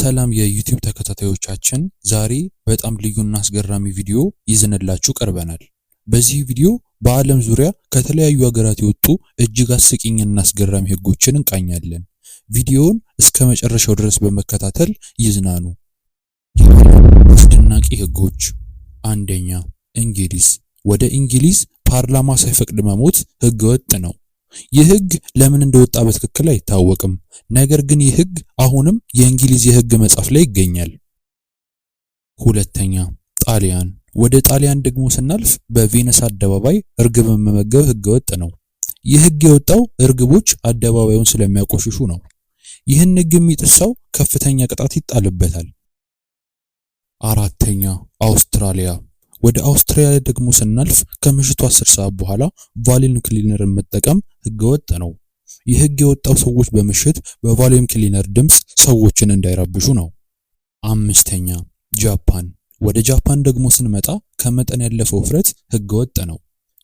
ሰላም የዩቲዩብ ተከታታዮቻችን፣ ዛሬ በጣም ልዩና አስገራሚ ቪዲዮ ይዘንላችሁ ቀርበናል። በዚህ ቪዲዮ በዓለም ዙሪያ ከተለያዩ ሀገራት የወጡ እጅግ አስቂኝና አስገራሚ ህጎችን እንቃኛለን። ቪዲዮውን እስከ መጨረሻው ድረስ በመከታተል ይዝናኑ። አስደናቂ ህጎች አንደኛ፣ እንግሊዝ። ወደ እንግሊዝ ፓርላማ ሳይፈቅድ መሞት ሕገ ወጥ ነው። ይህ ህግ ለምን እንደወጣ በትክክል አይታወቅም። ነገር ግን ይህ ህግ አሁንም የእንግሊዝ የህግ መጽሐፍ ላይ ይገኛል። ሁለተኛ ጣሊያን። ወደ ጣሊያን ደግሞ ስናልፍ በቬነስ አደባባይ እርግብን መመገብ ህገወጥ ነው። ይህ ህግ የወጣው እርግቦች አደባባዩን ስለሚያቆሽሹ ነው። ይህን ህግ የሚጥስ ሰው ከፍተኛ ቅጣት ይጣልበታል። አራተኛ አውስትራሊያ። ወደ አውስትራሊያ ደግሞ ስናልፍ ከምሽቱ 10 ሰዓት በኋላ ቫሊን ክሊነርን መጠቀም ህገወጥ ነው። ይህ ህግ የወጣው ሰዎች በምሽት በቫሊዩም ክሊነር ድምፅ ሰዎችን እንዳይረብሹ ነው። አምስተኛ ጃፓን። ወደ ጃፓን ደግሞ ስንመጣ ከመጠን ያለፈ ውፍረት ህገወጥ ነው።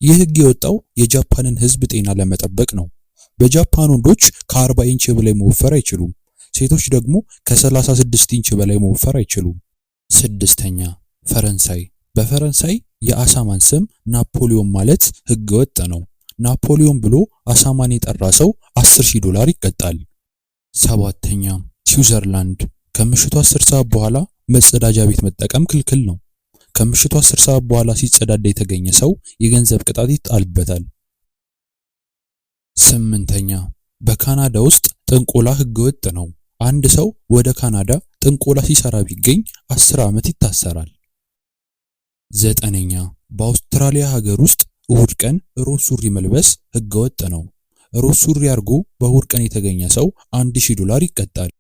ይህ ህግ የወጣው የጃፓንን ህዝብ ጤና ለመጠበቅ ነው። በጃፓን ወንዶች ከ40 ኢንች በላይ መወፈር አይችሉም። ሴቶች ደግሞ ከ36 ኢንች በላይ መወፈር አይችሉም። ስድስተኛ ፈረንሳይ። በፈረንሳይ የአሳማን ስም ናፖሊዮን ማለት ህገወጥ ነው። ናፖሊዮን ብሎ አሳማን የጠራ ሰው 10000 ዶላር ይቀጣል። ሰባተኛ ስዊዘርላንድ ከምሽቱ 10 ሰዓት በኋላ መጸዳጃ ቤት መጠቀም ክልክል ነው። ከምሽቱ 10 ሰዓት በኋላ ሲጸዳዳ የተገኘ ሰው የገንዘብ ቅጣት ይጣልበታል። ስምንተኛ በካናዳ ውስጥ ጥንቆላ ህገወጥ ነው። አንድ ሰው ወደ ካናዳ ጥንቆላ ሲሰራ ቢገኝ 10 ዓመት ይታሰራል። ዘጠነኛ በአውስትራሊያ ሀገር ውስጥ እሁድ ቀን ሮዝ ሱሪ መልበስ ህገወጥ ነው። ሮዝ ሱሪ አድርጎ በእሁድ ቀን የተገኘ ሰው አንድ ዶላር ይቀጣል።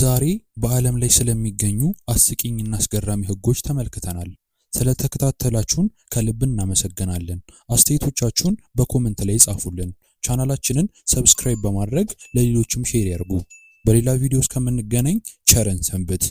ዛሬ በዓለም ላይ ስለሚገኙ አስቂኝና አስገራሚ ህጎች ተመልክተናል። ስለተከታተላችሁን ከልብ እናመሰግናለን። አስተያየቶቻችሁን በኮመንት ላይ ጻፉልን። ቻናላችንን ሰብስክራይብ በማድረግ ለሌሎችም ሼር ያርጉ። በሌላ ቪዲዮ እስከምንገናኝ ቸረን ሰንብት።